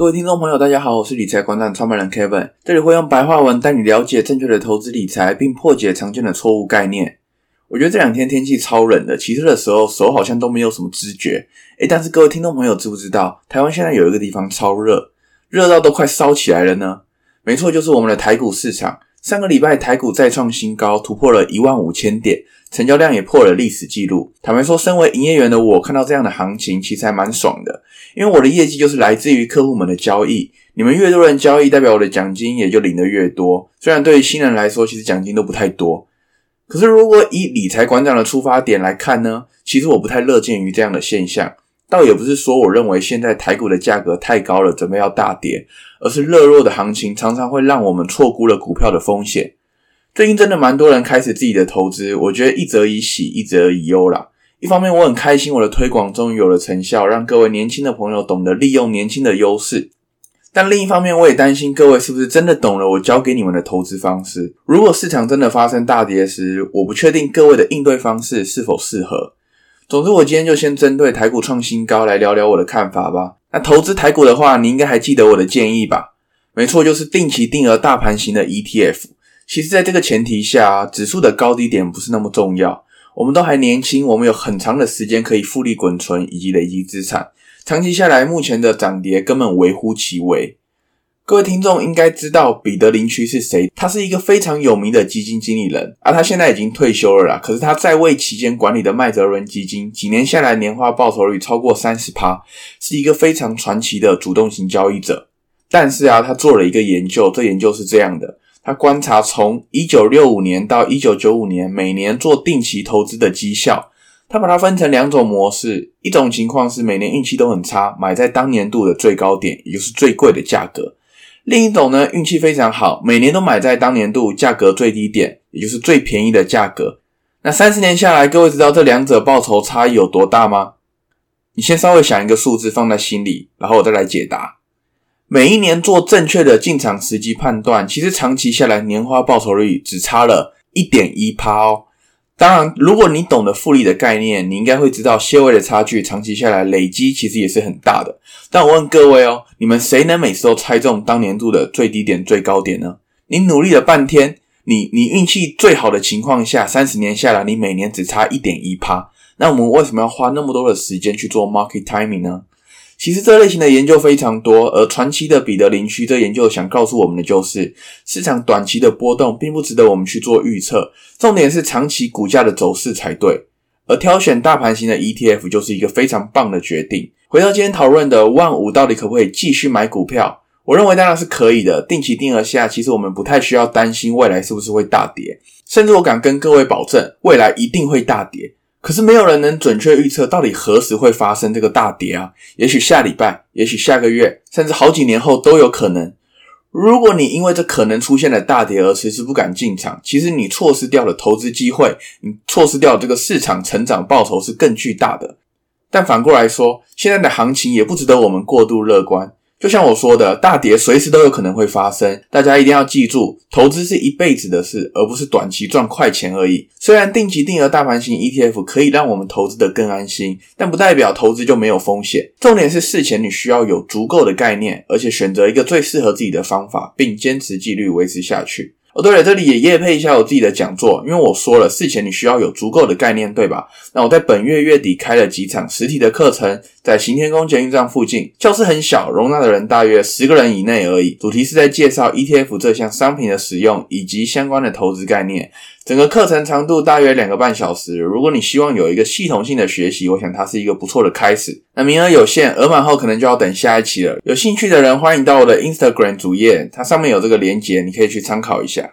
各位聽眾朋友，大家好，我是理財廣場創辦人 Kevin，這裡會用白話文帶你了解正確的投資理財，並破解常見的錯誤概念。我覺得這兩天天氣超冷的，騎車的時候手好像都沒有什麼知覺。哎，但是各位聽眾朋友，知不知道台灣現在有一個地方超熱，熱到都快燒起來了呢？沒錯，就是我們的台股市場。上個禮拜台股再創新高，突破了一萬五千點，成交量也破了歷史記錄。坦白說，身為營業員的我，看到這樣的行情，其實還蠻爽的，因為我的業績就是來自於客戶們的交易。你們越多人交易，代表我的獎金也就領得越多。雖然對於新人來說，其實獎金都不太多，可是如果以理財館長的出發點來看呢，其實我不太樂見於這樣的現象。倒也不是說我認為現在台股的價格太高了，準備要大跌，而是熱絡的行情常常會讓我們錯估了股票的風險。最近真的蠻多人開始自己的投資，我覺得一則以喜，一則以憂啦。一方面我很開心我的推廣終於有了成效，讓各位年輕的朋友懂得利用年輕的優勢；但另一方面我也擔心各位是不是真的懂了我教給你們的投資方式。如果市場真的發生大跌時，我不確定各位的應對方式是否適合。總之，我今天就先針對台股創新高來聊聊我的看法吧。那投資台股的話，你應該還記得我的建議吧？沒錯，就是定期定額大盤型的 ETF。其實，在這個前提下，指數的高低點不是那麼重要。我們都還年輕，我們有很長的時間可以複利滾存以及累積資產，長期下來，目前的漲跌根本微乎其微。各位聽眾應該知道彼得林區是誰，他是一個非常有名的基金經理人啊，他現在已經退休了啦。可是他在位期間管理的麥哲倫基金幾年下來年化報酬率超過三十趴，是一個非常傳奇的主動型交易者。但是啊，他做了一個研究，這研究是這樣的：他觀察從一九六五年到一九九五年每年做定期投資的績效，他把它分成兩種模式，一種情況是每年運氣都很差，買在當年度的最高點，也就是最貴的價格。另一種呢，運氣非常好，每年都買在當年度價格最低點，也就是最便宜的價格。那三十年下來，各位知道這兩者報酬差異有多大嗎？你先稍微想一個數字放在心裡，然後我再來解答。每一年做正確的進場時機判斷，其實長期下來年化報酬率只差了一點一趴哦。當然，如果你懂得複利的概念，你應該會知道，些微的差距長期下來累積其實也是很大的。但我問各位哦，你們誰能每次都猜中當年度的最低點、最高點呢？你努力了半天，你你運氣最好的情況下，三十年下來，你每年只差一點一趴。那我們為什麼要花那麼多的時間去做 market timing 呢？其實這類型的研究非常多，而傳奇的彼得林區這研究想告訴我們的就是，市場短期的波動並不值得我們去做預測，重點是長期股價的走勢才對。而挑選大盤型的 ETF 就是一個非常棒的決定。回到今天討論的萬五到底可不可以繼續買股票？我認為當然是可以的。定期定額下，其實我們不太需要擔心未來是不是會大跌，甚至我敢跟各位保證，未來一定會大跌。可是沒有人能準確預測到底何時會發生這個大跌啊！也許下禮拜，也許下個月，甚至好幾年後都有可能。如果你因為這可能出現的大跌而遲遲不敢進場，其實你錯失掉了投資機會，你錯失掉這個市場成長報酬是更巨大的。但反過來說，現在的行情也不值得我們過度樂觀。就像我說的，大跌隨時都有可能會發生，大家一定要記住，投資是一輩子的事，而不是短期賺快錢而已。雖然定期定額大盤型 ETF 可以讓我們投資的更安心，但不代表投資就沒有風險。重點是事前你需要有足夠的概念，而且選擇一個最適合自己的方法，並堅持紀律維持下去。哦、oh，對了，這裡也業配一下我自己的講座，因為我說了，事前你需要有足夠的概念，對吧？那我在本月月底開了幾場實體的課程，在行天宮捷運站附近，教室很小，容納的人大約十個人以內而已。主題是在介紹 ETF 這項商品的使用以及相關的投資概念。整個課程長度大約兩個半小時。如果你希望有一個系統性的學習，我想它是一個不錯的開始。那名額有限，額滿後可能就要等下一期了。有興趣的人歡迎到我的 Instagram 主頁，它上面有這個連結，你可以去參考一下。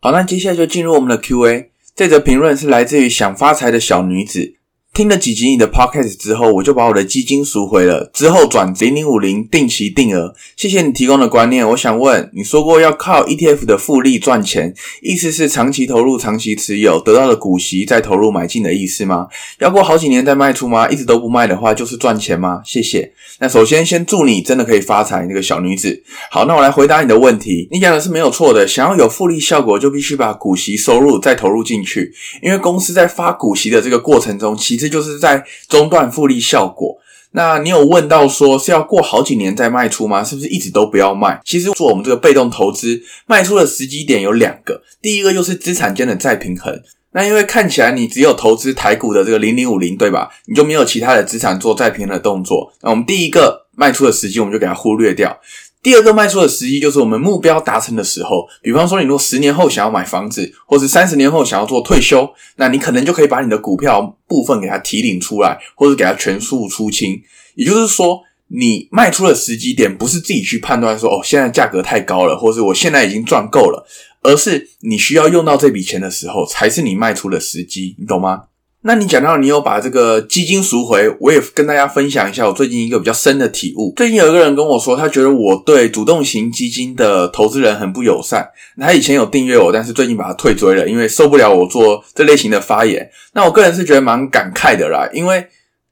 好，那接下來就進入我們的 QA。這則評論是來自於想發財的小女子。聽了幾集你的 podcast 之後，我就把我的基金贖回了，之後轉零零五零定期定額。謝謝你提供的觀念。我想問，你說過要靠 ETF 的複利賺錢，意思是長期投入、長期持有，得到的股息再投入買進的意思嗎？要過好幾年再賣出嗎？一直都不賣的話，就是賺錢嗎？謝謝。那首先先祝你真的可以發財，那個小女子。好，那我來回答你的問題。你講的是沒有錯的。想要有複利效果，就必須把股息收入再投入進去，因為公司在發股息的這個過程中，其實就是在中斷複利效果。那你有問到說，是要過好幾年再賣出嗎？是不是一直都不要賣？其實做我們這個被動投資，賣出的時機點有兩個。第一個就是資產間的再平衡。那因為看起來你只有投資台股的這個零零五零，對吧？你就沒有其他的資產做再平衡的動作。那我們第一個賣出的時機，我們就給它忽略掉。第二個賣出的時機就是我們目標達成的時候，比方說你如果十年後想要買房子，或是三十年後想要做退休，那你可能就可以把你的股票部分給它提領出來，或者給它全數出清。也就是說，你賣出的時機點不是自己去判斷說哦，現在價格太高了，或是我現在已經賺夠了，而是你需要用到這筆錢的時候，才是你賣出的時機，你懂嗎？那你講到你有把這個基金贖回，我也跟大家分享一下我最近一個比較深的體悟。最近有一個人跟我說，他覺得我對主動型基金的投資人很不友善。他以前有訂閱我，但是最近把他退追了，因為受不了我做這類型的發言。那我個人是覺得蠻感慨的啦，因為。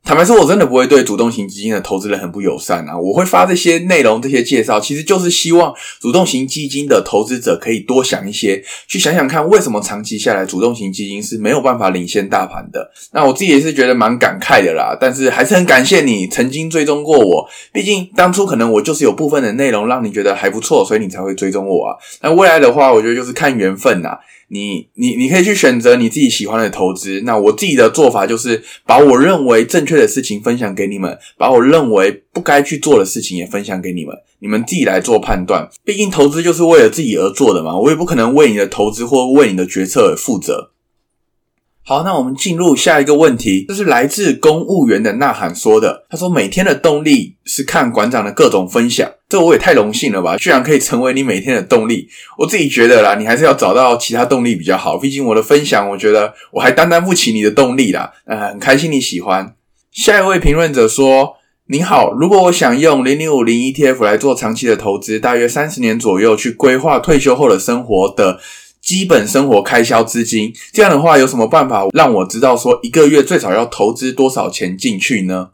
坦白說，我真的不會對主動型基金的投資人很不友善啊！我會發這些內容、這些介紹，其實就是希望主動型基金的投資者可以多想一些，去想想看為什麼長期下來主動型基金是沒有辦法領先大盤的。那我自己也是覺得蠻感慨的啦，但是還是很感謝你曾經追蹤過我，畢竟當初可能我就是有部分的內容讓你覺得還不錯，所以你才會追蹤我啊。那未來的話，我覺得就是看緣分吶。你你你可以去選擇你自己喜歡的投資。那我自己的做法就是把我認為正確的事情分享給你們，把我認為不該去做的事情也分享給你們，你們自己來做判斷。畢竟投資就是為了自己而做的嘛，我也不可能為你的投資或為你的決策而負責。好，那我們進入下一個問題，這是來自公務員的吶喊說的。他說：“每天的動力是看館長的各種分享。”這我也太榮幸了吧！居然可以成為你每天的動力。我自己覺得啦，你還是要找到其他動力比較好。畢竟我的分享，我覺得我還擔當不起你的動力啦。嗯，很開心你喜歡。下一位評論者說：“您好，如果我想用零零五零 ETF 來做長期的投資，大約三十年左右去規劃退休後的生活的。”基本生活開銷資金，這樣的話有什麼辦法讓我知道說一個月最少要投資多少錢進去呢？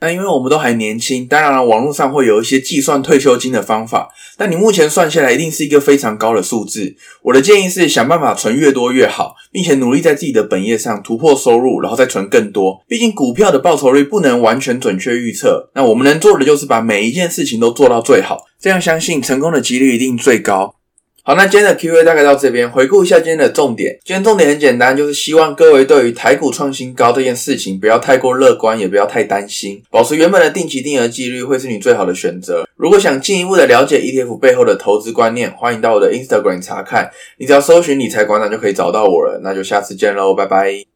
那因為我們都還年輕，當然了，網絡上會有一些計算退休金的方法。但你目前算下來一定是一個非常高的數字。我的建議是想辦法存越多越好，並且努力在自己的本業上突破收入，然後再存更多。畢竟股票的報酬率不能完全準確預測。那我們能做的就是把每一件事情都做到最好，這樣相信成功的幾率一定最高。好，那今天的 Q A 大概到這邊。回顧一下今天的重點，今天重點很簡單，就是希望各位對於台股創新高這件事情，不要太過樂觀，也不要太擔心，保持原本的定期定額紀律會是你最好的選擇。如果想進一步的了解 E T F 背後的投資觀念，歡迎到我的 Instagram 查看，你只要搜尋理財館長就可以找到我了。那就下次見嘍，拜拜。